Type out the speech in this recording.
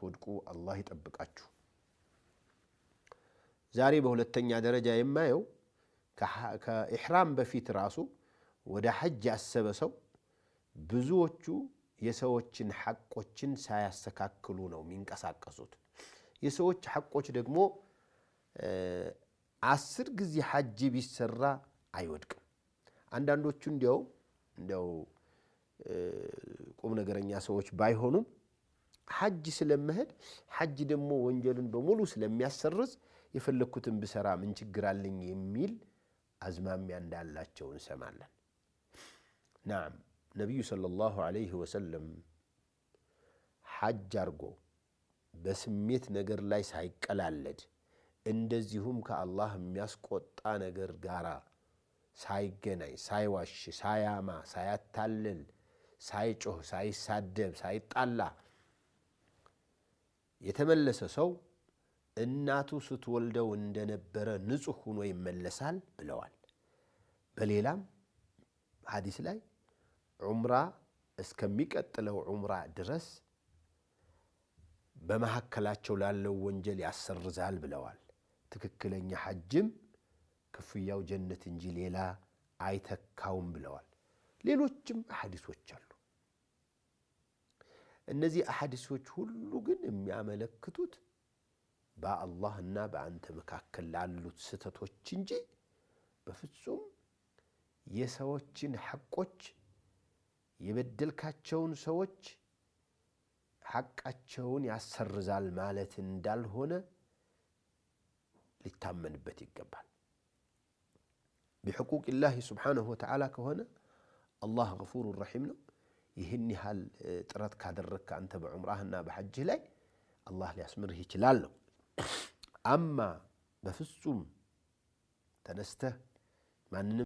እንዳትወድቁ አላህ ይጠብቃችሁ። ዛሬ በሁለተኛ ደረጃ የማየው ከኢሕራም በፊት ራሱ ወደ ሐጅ ያሰበ ሰው ብዙዎቹ የሰዎችን ሐቆችን ሳያስተካክሉ ነው የሚንቀሳቀሱት። የሰዎች ሐቆች ደግሞ አስር ጊዜ ሐጅ ቢሰራ አይወድቅም። አንዳንዶቹ እንዲያው እንዲያው ቁም ነገረኛ ሰዎች ባይሆኑም ሐጅ ስለመሄድ ሐጅ ደግሞ ወንጀልን በሙሉ ስለሚያሰርዝ የፈለግኩትን ብሰራ ምን ችግር አለኝ የሚል አዝማሚያ እንዳላቸው እንሰማለን። ናም ነቢዩ ሰለላሁ ዐለይሂ ወሰለም ሐጅ አርጎ በስሜት ነገር ላይ ሳይቀላለድ እንደዚሁም ከአላህ የሚያስቆጣ ነገር ጋር ሳይገናኝ፣ ሳይዋሽ፣ ሳያማ፣ ሳያታልል፣ ሳይጮህ፣ ሳይሳደብ፣ ሳይጣላ የተመለሰ ሰው እናቱ ስትወልደው እንደነበረ ንጹሕ ሆኖ ይመለሳል ብለዋል። በሌላም ሐዲስ ላይ ዑምራ እስከሚቀጥለው ዑምራ ድረስ በመካከላቸው ላለው ወንጀል ያሰርዛል ብለዋል። ትክክለኛ ሐጅም ክፍያው ጀነት እንጂ ሌላ አይተካውም ብለዋል። ሌሎችም ሐዲሶች አሉ። እነዚህ አሐዲሶች ሁሉ ግን የሚያመለክቱት በአላህና በአንተ መካከል ላሉት ስህተቶች እንጂ በፍጹም የሰዎችን ሐቆች የበደልካቸውን ሰዎች ሐቃቸውን ያሰርዛል ማለት እንዳልሆነ ሊታመንበት ይገባል። ላህ ስብሓነሁ ወተዓላ ከሆነ አላህ ገፉሩ ረሒም ነው። ይህን ያህል ጥረት ካደረግክ አንተ በዑምራህና በሐጅህ ላይ አላህ ሊያስምርህ ይችላል ነው። አማ በፍጹም ተነስተህ ማንንም